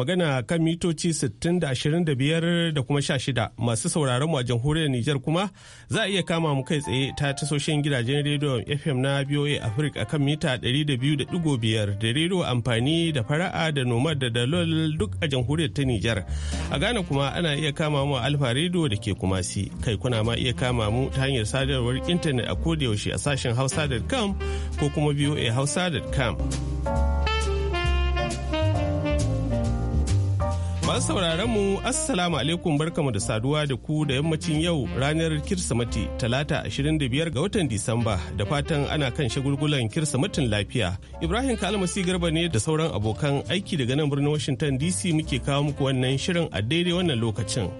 magana kan mitoci 60 da 25 da kuma 16 masu sauraron mu a jamhuriyar Nijar kuma za a iya kama mu kai tsaye ta tasoshin gidajen rediyo FM na BOA Africa kan mita 200.5 da rediyo amfani da fara'a da nomad da dalol duk a jamhuriyar ta Nijar. A Ghana kuma ana iya kama mu a Alfa Radio da ke Kumasi kai kuna ma iya kama mu ta hanyar sadarwar intanet a yaushe a sashen hausa.com ko kuma BOA hausa.com. Masu sauraron mu Assalamu alaikum barkamu da saduwa da ku da yammacin yau ranar Kirsimati talata 25 ga watan Disamba da fatan ana kan shagulgulan Kirsimatin lafiya. Ibrahim Kalmasi Garba ne da sauran abokan aiki daga nan birnin Washington DC muke kawo muku wannan shirin a daidai wannan lokacin.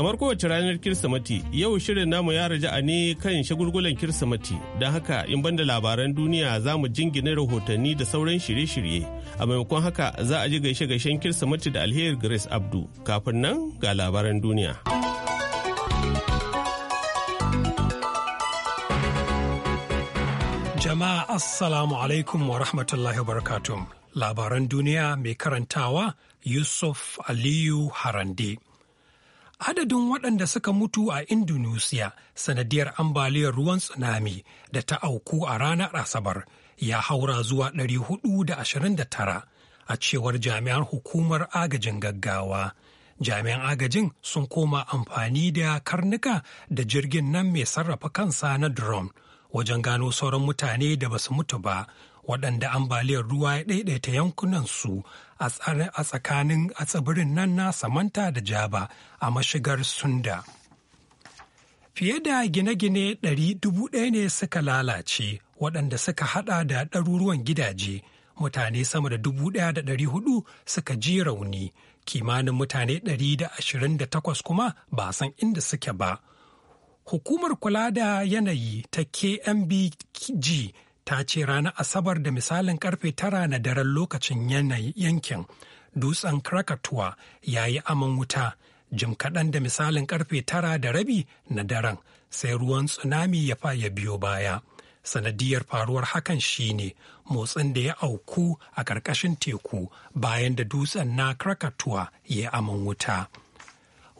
Kamar kowace ranar Kirsimati, yau shirin namu ya raja'a ne kan shagulgulan Kirsimati, don haka in banda labaran duniya za mu jingine rahotanni da sauran shirye-shirye. A maimakon haka za a ji gaishe-gaishen Kirsimati da alheri Grace Abdu. Kafin nan ga labaran duniya. Jama'a Assalamu alaikum wa rahmatullahi wa Labaran duniya mai karantawa Yusuf Aliyu Harande. adadin waɗanda suka mutu a indonesia sanadiyar ambaliyar ruwan tsunami da ta auku a ranar asabar ya haura zuwa 429 a cewar jami'an hukumar agajin gaggawa jami'an agajin sun koma amfani da karnuka da jirgin nan mai sarrafa kansa na drone wajen gano sauran mutane da basu mutu ba waɗanda ambaliyar ruwa ya ɗaiɗaita yankunansu a tsakanin tsibirin nan na samanta da jaba a mashigar sunda fiye da gine-gine ɗari dubu ɗaya ne suka lalace waɗanda suka hada da ɗaruruwan gidaje mutane sama da hudu suka ji rauni kimanin mutane ɗari da da ashirin 128 kuma ba san inda suke ba hukumar kula da yanayi ta kmbg ta ce ranar Asabar da misalin karfe tara na daren lokacin yankin dutsen Krakatuwa ya yi aman wuta jim kaɗan da misalin karfe tara da rabi na daren sai ruwan tsunami ya faya biyo baya. Sanadiyar faruwar hakan shine motsin da ya auku a ƙarƙashin teku bayan da dutsen na Krakatuwa ya yi aman wuta.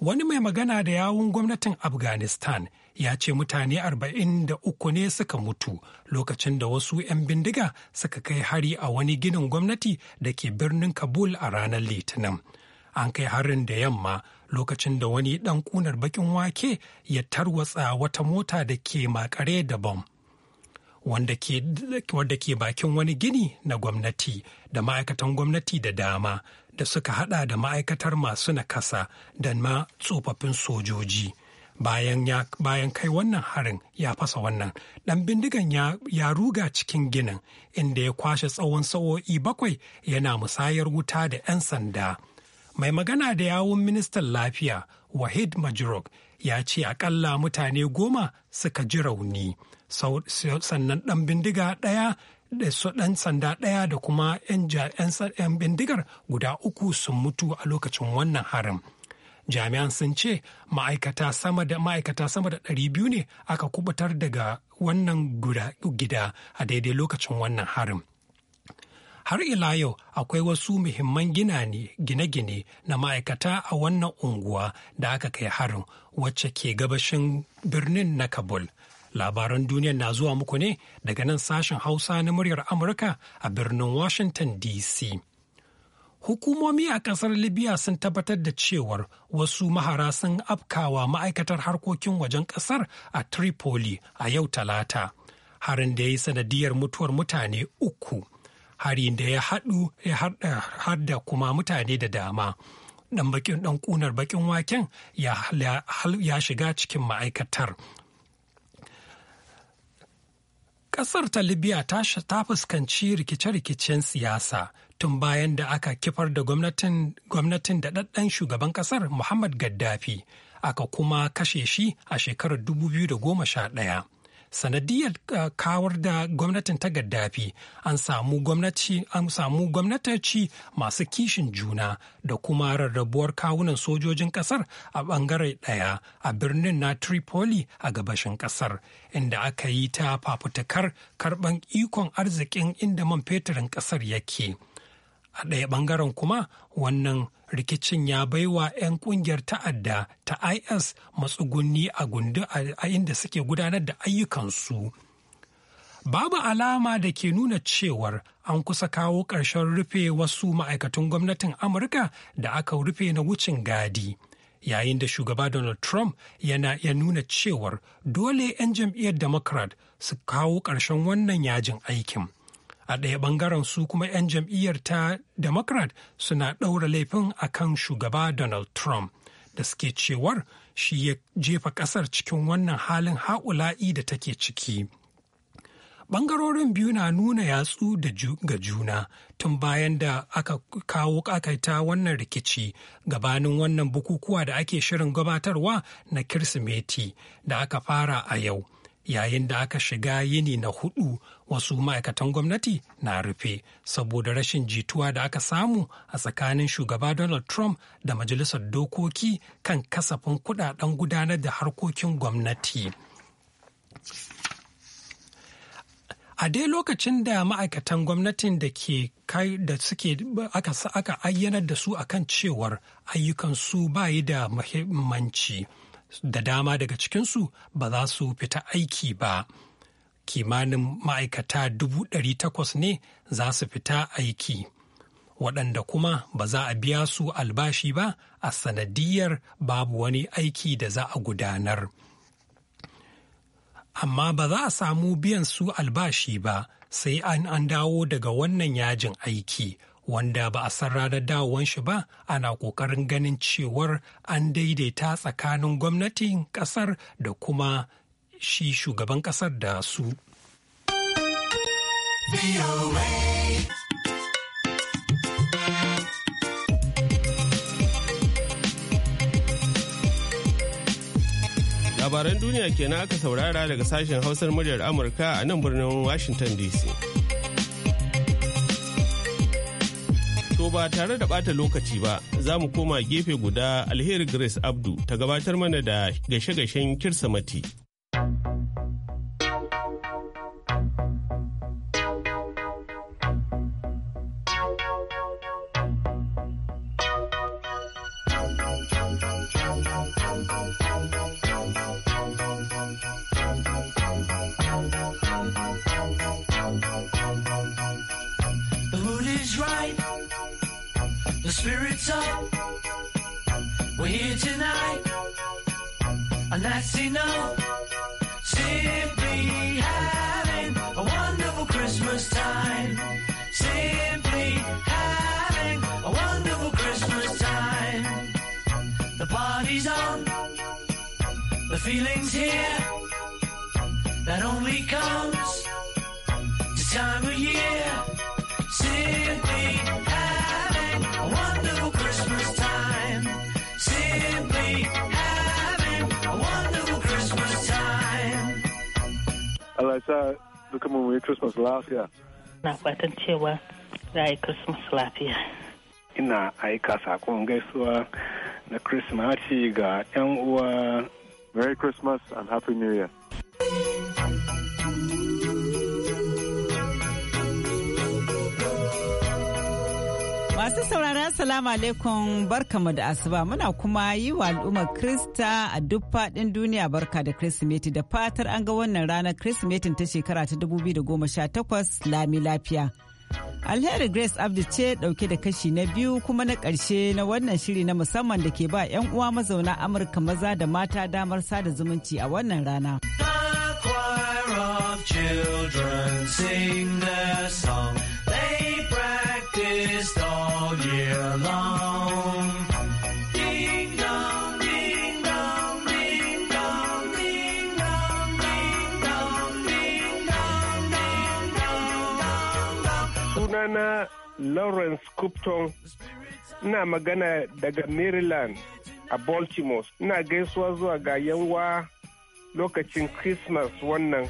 Wani mai magana da yawun gwamnatin Afghanistan ya ce mutane arba'in da uku ne suka mutu lokacin da wasu 'yan bindiga suka kai hari a wani ginin gwamnati da ke birnin Kabul a ranar Litinin. An kai harin da yamma lokacin da wani ɗan kunar bakin wake ya tarwatsa wata mota da ke makare da bom. Wanda ke, bakin wani gini na gwamnati da ma'aikatan gwamnati da dama da suka hada da ma'aikatar masu nakasa da ma tsofaffin sojoji. bayan kai wannan harin ya fasa wannan ɗan bindigan ya ruga cikin ginin inda ya kwashe tsawon sa'o'i bakwai yana musayar wuta da 'yan sanda mai magana da yawun ministan lafiya wahid majrok ya ce akalla mutane goma suka ji rauni sannan ɗan bindiga ɗaya da su dan sanda ɗaya da kuma 'yan bindigar guda uku sun mutu a lokacin wannan harin. jami'an sun ce ma'aikata sama da ma'aikata sama da ɗari biyu ne aka kubutar daga wannan gida a daidai lokacin wannan harin har ila yau akwai wasu muhimman gine-gine na ma'aikata a wannan unguwa da aka kai harin wacce ke gabashin birnin na kabul labaran duniya na zuwa muku ne daga nan sashen hausa na muryar amurka a birnin washington dc Hukumomi a kasar Libya sun tabbatar da cewar wasu mahara sun afkawa ma'aikatar harkokin wajen kasar a Tripoli a yau talata. Harin da ya yi sanadiyar mutuwar mutane uku. Harin da ya haɗu ya kuma mutane da dama. Dan bakin dan kunar bakin waken ya, shiga cikin ma'aikatar. Kasar ta Libya ta fuskanci rikice-rikicen siyasa tun bayan da aka kifar da gwamnatin daɗaɗɗen shugaban ƙasar Muhammad Gaddafi aka kuma kashe shi a shekarar 2011. Sanadiyar uh, kawar da gwamnatin ta Gaddafi an samu gwamnataci gwamnatoci masu kishin juna da kuma rarrabuwar kawunan sojojin ƙasar a ɓangare ɗaya a birnin na Tripoli a gabashin ƙasar, inda aka yi ta fafutukar karɓan ikon arzikin inda man feturin kasar yake. a ɗaya ɓangaren kuma wannan rikicin ya baiwa 'yan ƙungiyar ta'adda ta is matsugunni a gundu a inda suke gudanar da ayyukansu babu alama da ke nuna cewar an kusa kawo ƙarshen rufe wasu ma'aikatan gwamnatin amurka da aka rufe na wucin gadi yayin da shugaba donald trump yana ya nuna cewar dole 'yan jam'iyyar democrat su kawo ƙarshen wannan yajin aikin a ɗaya ɓangaren su kuma 'yan jam'iyyar ta democrat suna ɗaura laifin a kan shugaba donald trump da suke cewar shi ya jefa ƙasar cikin wannan halin haƙula'i da take ciki ɓangarorin biyu na nuna yatsu da ga juna tun bayan da aka kawo ƙakaita wannan rikici gabanin wannan bukukuwa da ake shirin gabatarwa na kirsimeti da aka fara a yau yayin da aka shiga yini na hudu wasu ma'aikatan gwamnati na rufe saboda rashin jituwa da aka samu a tsakanin shugaba donald trump da majalisar dokoki kan kasafin kudaden gudanar da harkokin gwamnati a dai lokacin da ma'aikatan gwamnatin da ke kai da suke aka aka ayyanar da su akan cewar ayyukansu bayi da muhimmanci. da dama daga cikinsu ba za su fita aiki ba. Kimanin ma'aikata dubu ɗari takwas ne za su fita aiki. Waɗanda kuma ba za a biya su albashi ba a sanadiyar babu wani aiki da za a gudanar. Amma ba za a samu biyan su albashi ba sai an an dawo daga wannan yajin aiki. wanda ba a san ranar dawowan shi ba ana ƙoƙarin ganin cewar an daidaita tsakanin gwamnatin ƙasar da kuma shi shugaban ƙasar da su. Labaran duniya kenan aka saurara daga sashen hausar muryar Amurka a nan birnin Washington DC. To ba tare da bata lokaci ba za mu koma gefe guda alheri Grace Abdu ta gabatar mana da gashe-gashen kirsamati. Thank spirits up. We're here tonight, and that's enough. Simply having a wonderful Christmas time. Simply having a wonderful Christmas time. The party's on, the feeling's here. sa duka mu yi Christmas lafiya. Na fatan cewa za a yi Christmas lafiya. Ina aika sakon gaisuwa na Christmas ga 'yan uwa. Merry Christmas and Happy New Year. Masu saurara salamu alaikum barkamu da asuba muna kuma yi wa al'ummar Krista a duk faɗin duniya barka da Kirsimeti da fatar an ga wannan ranar Kirsimetin ta shekara ta 2018 lami lafiya. Alheri Grace Abdi ce ɗauke da kashi na biyu kuma na ƙarshe na wannan shiri na musamman da ke ba 'yan uwa mazauna Amurka maza da mata damar sada zumunci a wannan rana. along. Sunana Lawrence Cupton, ina magana daga Maryland a Baltimore. Ina gaisuwa zuwa ga yanwa lokacin Christmas wannan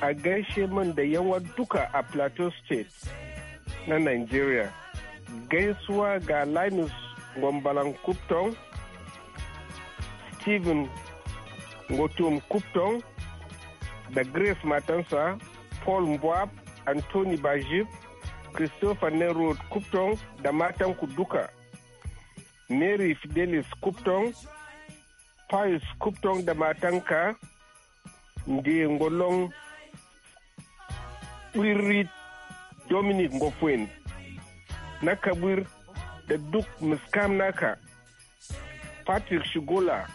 a gaishe min da yawa duka a Plateau State na Nigeria. gaisuwa ga linus gombalan kupton steven ngotum kupton da grace matansa paul mbwab anthony bajib christopher nerod kupton da matan duka mary fidelis kupton pius kupton da matanka ngolon ɓirri dominic ngofuen na kabir da duk miskam naka patrick shigola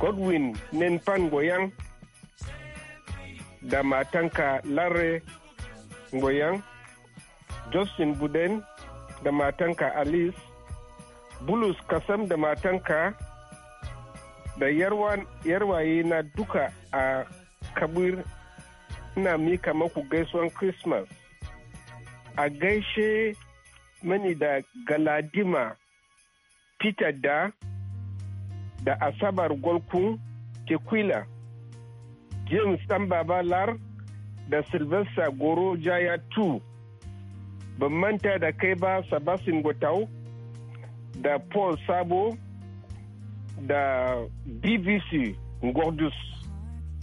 godwin nenfan goyan da matanka larry goyan justin buden da matanka alice bulus kasam da matanka da yarwaye na duka a kabir ina mika maku gaisuwan christmas a gaishe mani da galadima peter da da asabar golkun tequila james dan babalar da sylvester goro jaya 2 ban manta da kai ba sabasin gotau da paul sabo da bbc gordus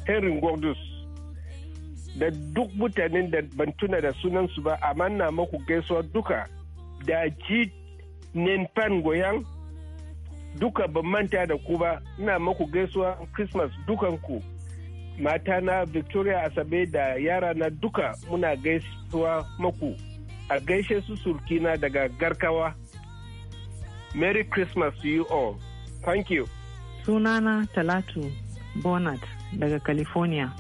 henry gordus da duk mutanen da ban tuna da sunansu ba amma na maku gaisuwa duka da ji nen pan duka ban manta da ku ba ina maku gaisuwa christmas dukanku mata na victoria asabe da yara na duka muna gaisuwa maku a gaishe su surkina daga garkawa merry christmas to you all thank you sunana talatu bonat daga california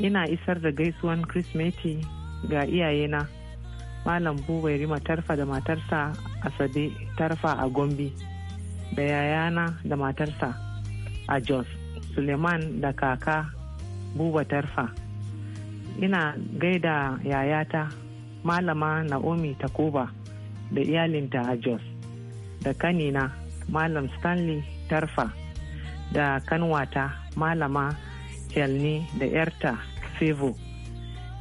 ina isar da gaisuwan Kirsimeti ga iyayena malam bubai rima tarfa da matarsa asabe tarfa a gombe da yayana da matarsa a jos suleiman da kaka buba tarfa ina gaida yayata malama naomi takuba da iyalinta a jos da kanina malam stanley tarfa da kanwata malama kelni da yarta fevo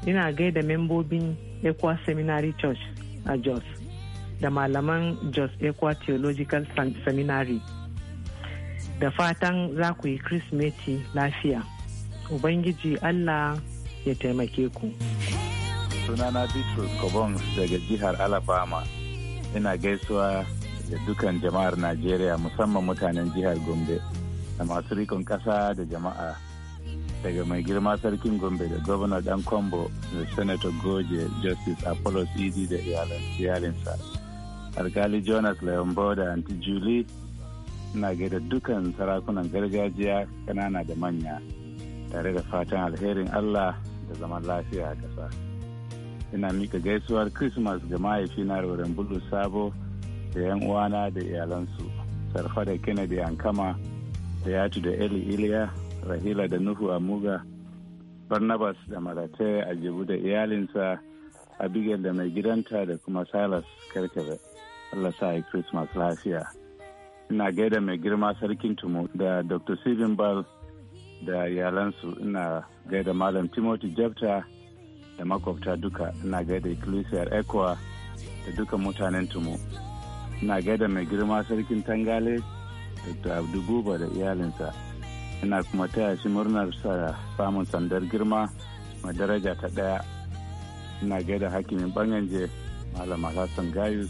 ina gaida membobin Ekwa Seminary Church a Jos da malaman Jos Ekwa Theological Seminary. Da fatan za ku yi Kirsimeti lafiya. Ubangiji Allah ya taimake ku. Sunana Bitrus Kobons daga jihar Alabama. Ina gaisuwa da dukan jama'ar Najeriya musamman mutanen jihar Gombe da masu rikon ƙasa da jama'a. daga mai girma sarkin gombe da gwamna dan kwambo da senator goje justice apollos idi da iyalinsa alkali jonas leon boda anti julie na gaida dukan sarakunan gargajiya kanana da manya tare da fatan alherin allah da zaman lafiya a ƙasa ina mika gaisuwar christmas ga mahaifina roren bulu sabo da yan uwana da iyalansu sarfa da kennedy ankama da yatu da eli iliya rahila da nuhu a muga barnabas da marate a jibu da iyalinsa abigail da mai gidanta da kuma silas karkare allah sa yi christmas lafiya ina gaida mai girma sarkin tumu da dr steven ball da iyalansu ina gaida malam timothy jabta da makwabta duka ina gaida ecclesiar ecowa da duka mutanen tumu ina gaida mai girma sarkin tangale dr abdu da iyalinsa ina kuma taya shi murnar sa samun sandar girma mai daraja ta ɗaya ina gaida hakimin banganje malam hassan gayus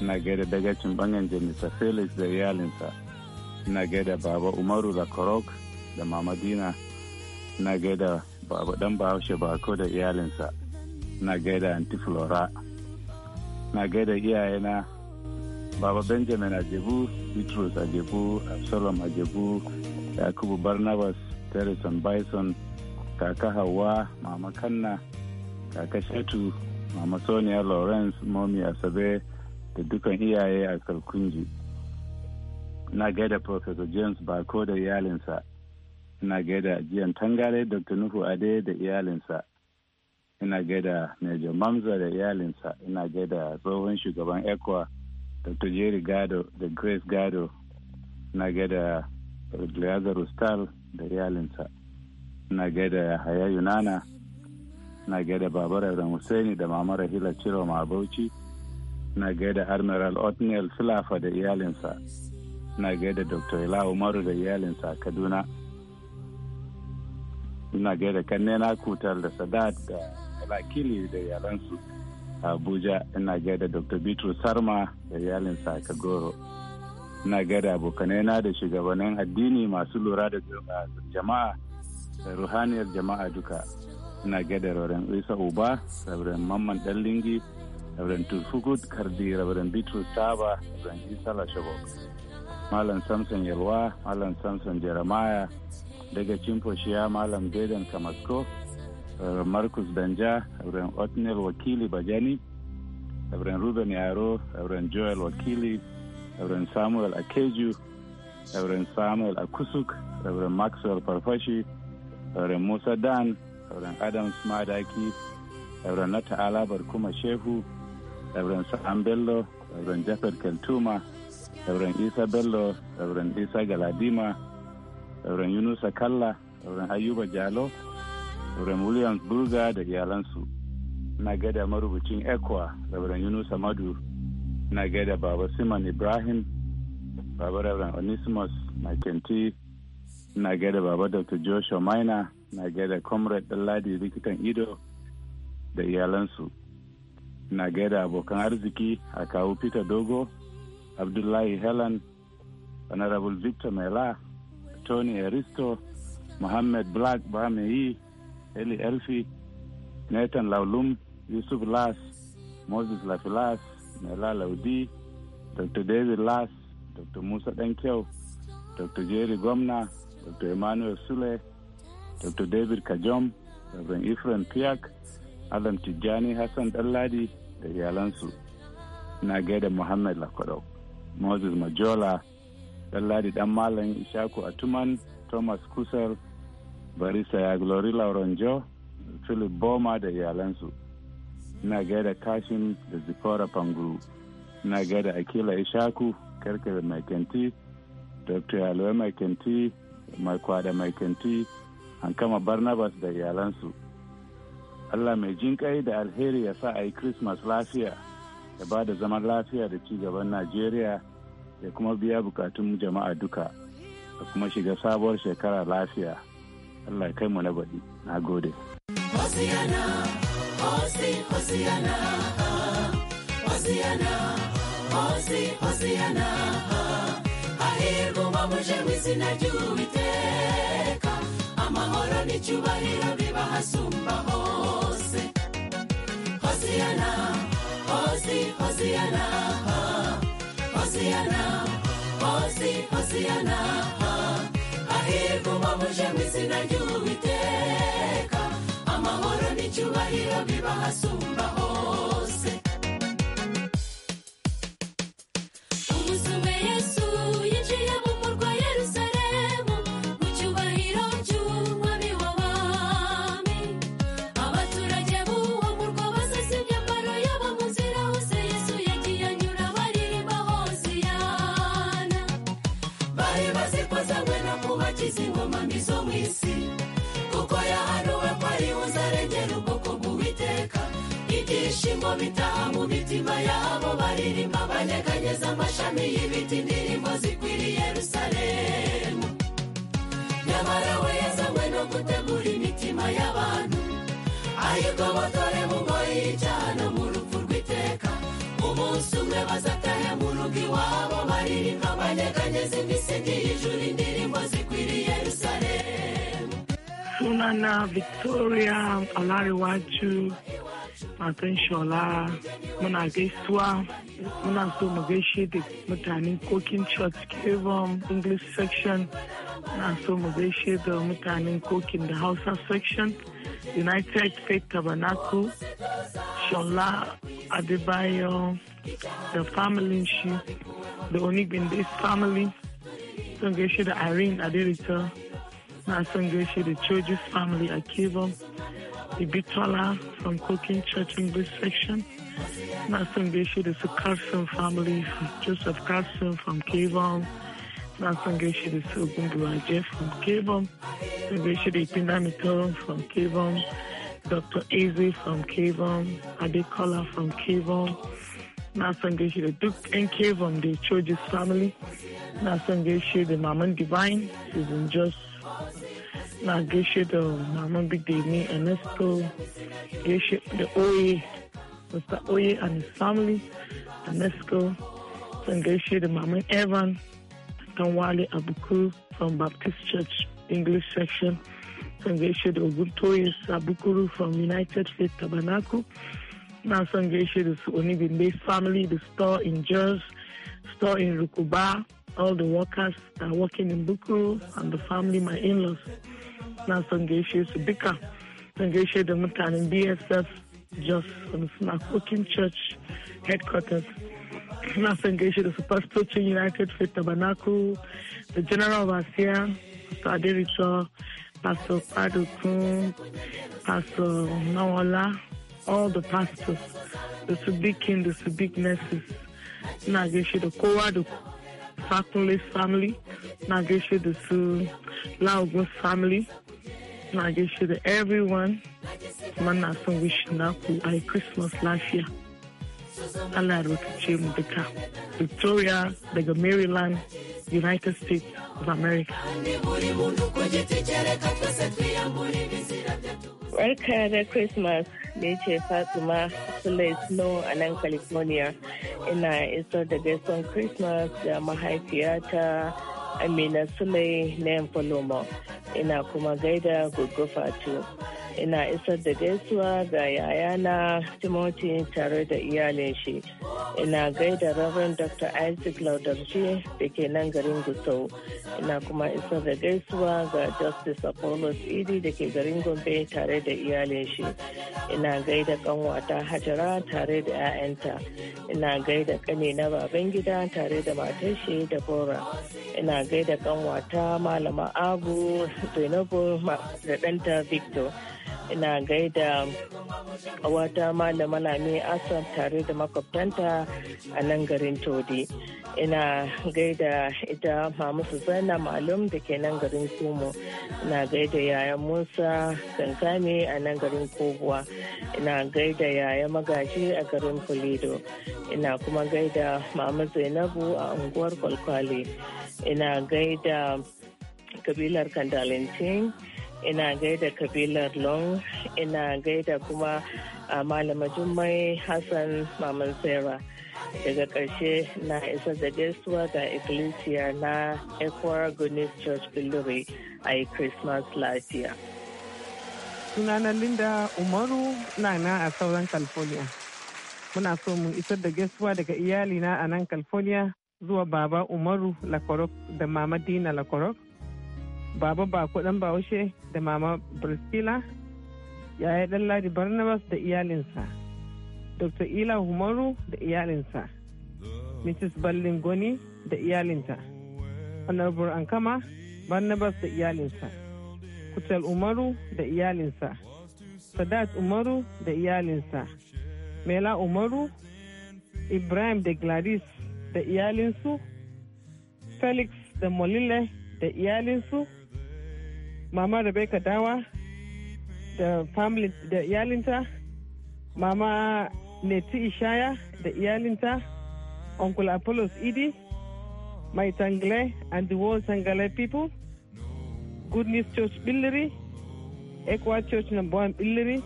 ina gaida dagacin banganje mr felix da iyalinsa ina gaida baba umaru da korok da mamadina ina gaida baba dan bahaushe bako da iyalinsa ina gaida anti flora ina gaida iyayena baba benjamin ajebu bitrus ajebu absalom ajebu yakubu barnabas terrison bison kaka hawa mama kanna kaka shetu mama sonia lawrence momi asabe da dukan iyaye a kalkunji na gaida professor james bako da iyalinsa ina gaida jiyan tangare dr nuhu ade da iyalinsa ina gaida major mamza da iyalinsa ina gaida tsohon shugaban ecowa dr jerry gado da grace gado ina gaida Lazarus Ustal da iyalinsa. Na gaida Yahaya Yunana, na gaida Babar Ibrahim Husaini da Mama Rahila Ciro Mabauchi, na gaida Admiral Othniel Sulafa da iyalinsa, na gaida Dr. Ila Umaru da iyalinsa a Kaduna. Ina gaida kannena kutar da Sadat da Alakili da iyalansu a Abuja, ina gaida Dr. Bitrus Sarma da iyalinsa a Kagoro. na gada abokanai na da shugabannin addini masu lura da jama'a da ruhaniyar jama'a duka na gada rauren Isa Uba, rauren Mamman lingi rauren Tufugut Kardi, rauren Bitrus Taba, rauren Isa Lashabok. Malam Samson Yalwa, Malam Samson Jeremiah, daga Cimfoshiya Malam Dedan Kamasko, rauren Marcus Danja, rauren Otnel Wakili Bajani, rauren Ruben Yaro, rauren Joel Wakili, Reverend Samuel Akeju, Reverend Samuel Akusuk, Reverend Maxwell Farfashi, Reverend Musa Dan, Reverend Adam Smadaki, Reverend Nata Alabar Kuma Shehu, Reverend Sam Bello, Reverend Jeffrey Keltuma, Reverend Isa Bello, Reverend Isa Galadima, Reverend Yunus Kalla, Reverend Ayuba Jalo, Reverend Williams Burga da iyalansu. Na gada marubucin Ekwa, Reverend Yunus Madu, na gaida baba siman ibrahim baba reverend onesimus makenti na gaida baba dr joshua maina na gaida comrade ɗanladi likitan ido da iyalansu na gaida abokan arziki a kawo peter dogo abdullahi helen honorable victor mela tony aristo muhammad black bameyi eli elfi nathan laulum yusuf las moses lafilas Naila Laudi, Dr. David Lass, Dr. Musa Dankyau, Dr. Jerry Gwamna, Dr. Emmanuel Sule, Dr. David Kajom, Dr Ephraim Piak, Adam Tijjani Hassan Ɗanladi da iyalansu. Na gaida Muhammad Lakwadau, Moses Majola, Ɗanladi Ɗan Malam Ishaku Atuman, Thomas Kusel, Barisa ya Glori Laurenjo, Philip Boma da iyalansu. ina gada kashin da zifara fanguru ina gada akila ishaku karkar makenti dr yalwa makenti mai kwada makenti an kama barnabas da iyalansu allah mai jin da alheri ya sa a yi christmas lafiya ya ba da zaman lafiya da ci gaban najeriya ya kuma biya bukatun jama'a duka da kuma shiga sabuwar shekara lafiya allah kai mu na baɗi na gode. Hosi, Hosiana, Hosiana, Hosi, Hosiana, hahirwa uba muje mu izina ry'Uwiteka, amahoro n'icyubahiro bibahasumba hose. Hosiana, Hosi, Hosiana, Hosiana, Hosi, Hosiana, hahirwa uba muje mu izina ry'Uwiteka. icyubahiro biba hasumba hose oh. bitaha mu mitima yabo baririmba banyeganyeza amashami y'ibiti indirimbo zikwiriye rusaremu nyamara we yazanywe no gutegura imitima y'abantu ayigobotore mu ngoyi y'icyaha mu rupfu rw'iteka umunsi umwe bazatahe mu rugo iwabo baririmba banyeganyeza imisingi y'ijuru indirimbo zikwiriye rusaremu sunana victoria amari wacu matan shola muna gaisuwa muna so mu gaishe da mutanen kokin church kevin english section muna so mu gaishe da mutanen kokin the hausa section united faith tabernacle shola adebayo da The only da this family son gaishe da irene adirita na son gaishe da churches family a kevin Ibitola from Cooking Church English section. Nelson Geshi, this Carson family, Joseph Carson from Kevon. Nelson is a is Ogunbulaje from Kevon. Nelson is the Ipinamitorum from Kevon. Dr. Easy from Kevon. Adekola from Kevon. Nelson is the Duke and Kevon, the Choji's family. Nelson Geshe, the Maman Divine, is in just na gaishe da mama bidemi ernesto gaishe the oye mr oye and his family ernesto zan gaishe the Mama evan dan wale abuku from baptist church english section zan gaishe da oguntoye abukuru from united faith tabernacle na son gaishe the su onibinde family the store in jos store in rukuba all the workers that are working in Buku and the family, my in-laws na son gaishe su duka son gaishe da mutanen bsf jos suna cooking church headquarters na son gaishe da su pastocin united faith tabernacle da general wasiya pastor adiricho pastor padukun pastor Nawala, all the pastors da su bikin da su big nurses na gaishe da kowa da Sakunle family na gaishe da su Laogun family na gaishe da everyone kuma na son wish naku a christmas lafiya Allah rokace mu duka victoria daga maryland united states of america barka da christmas da ce fatima sule snow a nan california ina isar da gaison christmas theater. da mahaifiyata amina sule na yan ina kuma gaida gugu fatu ina isar da gaisuwa ga yayana timoti tare da iyalin shi ina gaida rabin dr isaac laudarci da ke nan garin gusau ina kuma isar da gaisuwa ga justice apollos idi da ke garin gombe tare da iyalin shi ina gaida kanwata hajara tare da 'ya'yanta ina gaida kane na baban gida tare da matar da bora ina gaida kanwata malama abu Zainabu da ɗanta Victor. Ina gaida wata malama Lami Asam tare da makwabtanta a nan garin Todi. Ina gaida ita Mamu zana Malum da ke nan garin Kumo. Ina gaida yayan Musa Kankame a nan garin Kobuwa. Ina gaida yayan Magaji a garin kulido Ina kuma gaida Mamu Zainabu a unguwar Kwalkwale. Ina gaida kabilar kandalantin ina gaida kabilar long ina gaida kuma a ah, malama jummai hassan maman sera daga karshe na isa da gaisuwa ga ikkilisiya na ecuador gunis church bilori a yi christmas lafiya sunana linda umaru na na a sauran california muna so mu isar da gaisuwa daga iyalina a nan california zuwa baba umaru lakorok da mama dina lakorok baba ba kudan bahaushe da mama priscilla yaya dan ladi barnabas da iyalinsa dr ila humaru da iyalinsa mrs ballingoni da iyalinta honorable ankama barnabas da iyalinsa kutal umaru da iyalinsa sadat umaru da iyalinsa mela umaru ibrahim da gladys da iyalinsu felix da molile da iyalinsu mama Rebecca Dawa da family da iyalinta mama Neti Ishaya da iyalinta Uncle Apollos Idi my Tangle and the whole Tangle people Good News Church Billiri Equa Church number one Billiri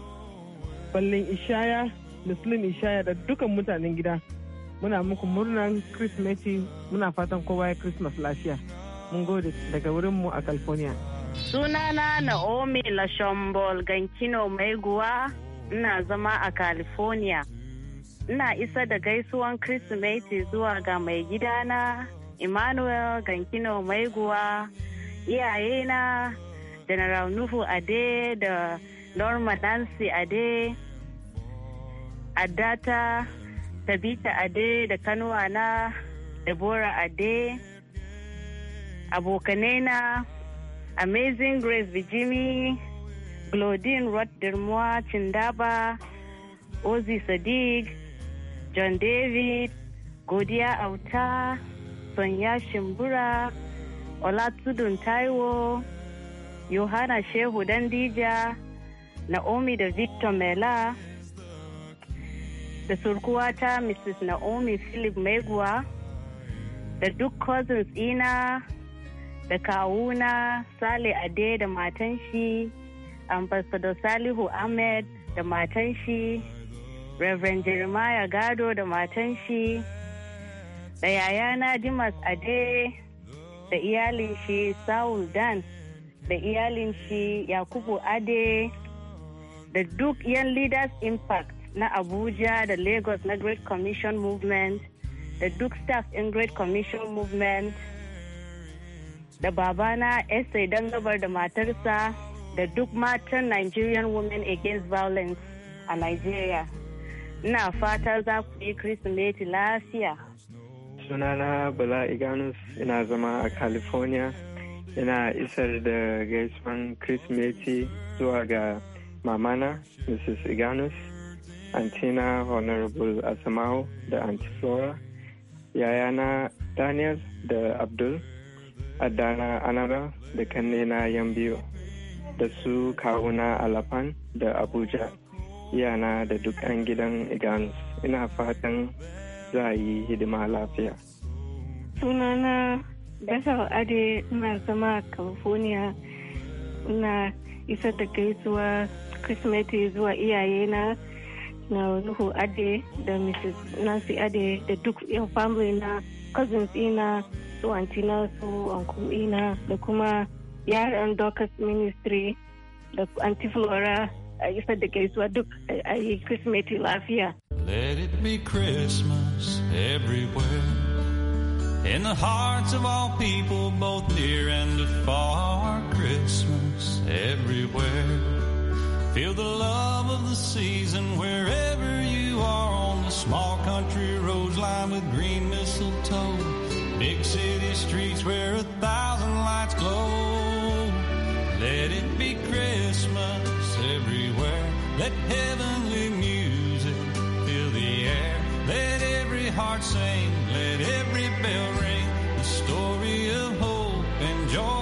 Ballin Ishaya Muslim Ishaya da dukan mutanen gida muna muku murnan Christmas, muna fatan kowa ya Christmas lafiya mun gode daga wurinmu a California. Sunana Naomi lashombol Gankino Maiguwa ina zama a California. Ina isa da gaisuwan Kirsimeti zuwa ga mai gidana Emmanuel Gankino Maiguwa, iyayena General Nuhu Ade da Norma Nancy Ade, Adata Tabita Ade da Kanuwana Deborah Ade, na Amazing Grace Vijimi, Glodine Rotdermois Chindaba, Ozzy Sadiq, John David, Godia Auta, Sonia Shimbura, Olatsudun Taiwo, Yohana Shehu Dandija, Naomi the Victor Mela, the surkuwata Mrs. Naomi Philip Megua, the two cousins ina da kawuna Sale Ade da matan shi, Ambassador Salihu Ahmed da matan shi, Reverend Jeremiah Gado da matan shi, da yayana Dimas Ade da iyalin shi Saul Dan da iyalin shi Yakubu Ade da duk 'yan Leaders Impact na Abuja da Lagos na Great Commission Movement da duk staff in Great Commission Movement. da babana Esther Dangabar da matarsa da duk matan Nigerian Women Against Violence a Nigeria. Ina fata za ku yi Kirsimeti lafiya. Sunana Bala Iganus ina zama a California. Ina isar da gaisuwan Kirsimeti zuwa ga mamana Mrs. Iganus, Antina Honorable Asamau da antiflora Flora, yayana Daniel da Abdul. adana anara da kannena yan biyu da su kawuna alafan da abuja yana da duk an gidan iganus ina fatan za a yi hidima lafiya sunana gasar ade ina zama a california ina isar da gaisuwa kirsimeti zuwa iyayena na ruhu ade da mrs nancy ade da duk yan family na cousins ina su antina su uncle da kuma yaran Dorcas Ministry da anti a isa da gaisuwa duk a yi lafiya. Let it be Christmas everywhere In the hearts of all people both near and afar Christmas everywhere Feel the love of the season wherever you are on the small country roads lined with green mistletoe. Big city streets where a thousand lights glow. Let it be Christmas everywhere. Let heavenly music fill the air. Let every heart sing. Let every bell ring. The story of hope and joy.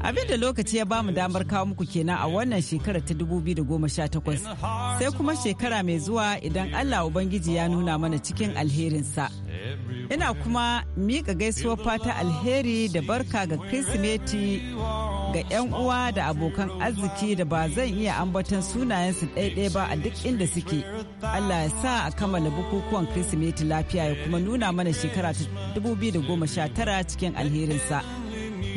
abin da lokaci ya bamu damar kawo muku kenan a wannan shekarar ta 2018 sai kuma shekara mai zuwa idan allah ubangiji ya nuna mana cikin alherinsa ina kuma miƙa gaisuwar fata alheri da barka ga kirsimeti ga 'yan uwa da abokan arziki da ba zan iya ambatan sunayensu ɗaiɗaya ba a duk inda suke allah ya sa a kammala bukukuwan kirsimeti lafiya ya kuma nuna mana shekara ta 2019 cikin alherinsa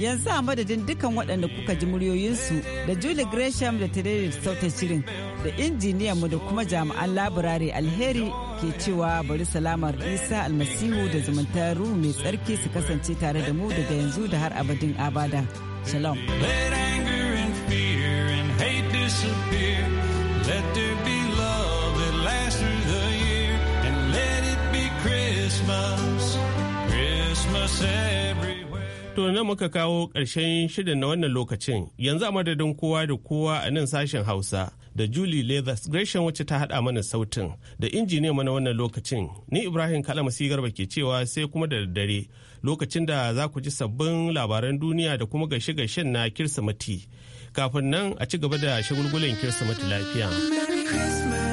yanzu a madadin dukkan waɗanda kuka ji muryoyinsu da julie gresham da tere sauta shirin da mu da kuma jami'an laburare alheri ke cewa bari salamar isa almasihu da zumunta ruhu mai tsarki su kasance tare da mu daga yanzu da har abadin abada shalom To nan muka kawo ƙarshen shirin na wannan lokacin yanzu a madadin kowa da kowa a nan sashen Hausa da Julie Leathers Gresham wacce ta haɗa mana sautin da injiniya mana wannan lokacin ni Ibrahim Kalamasi Garba ke cewa sai kuma da daddare lokacin da za ku ji sabbin labaran duniya da kuma gaishe-gaishen na Kirsimeti kafin nan a ci gaba da shagulgulan Kirsimeti lafiya. Christmas.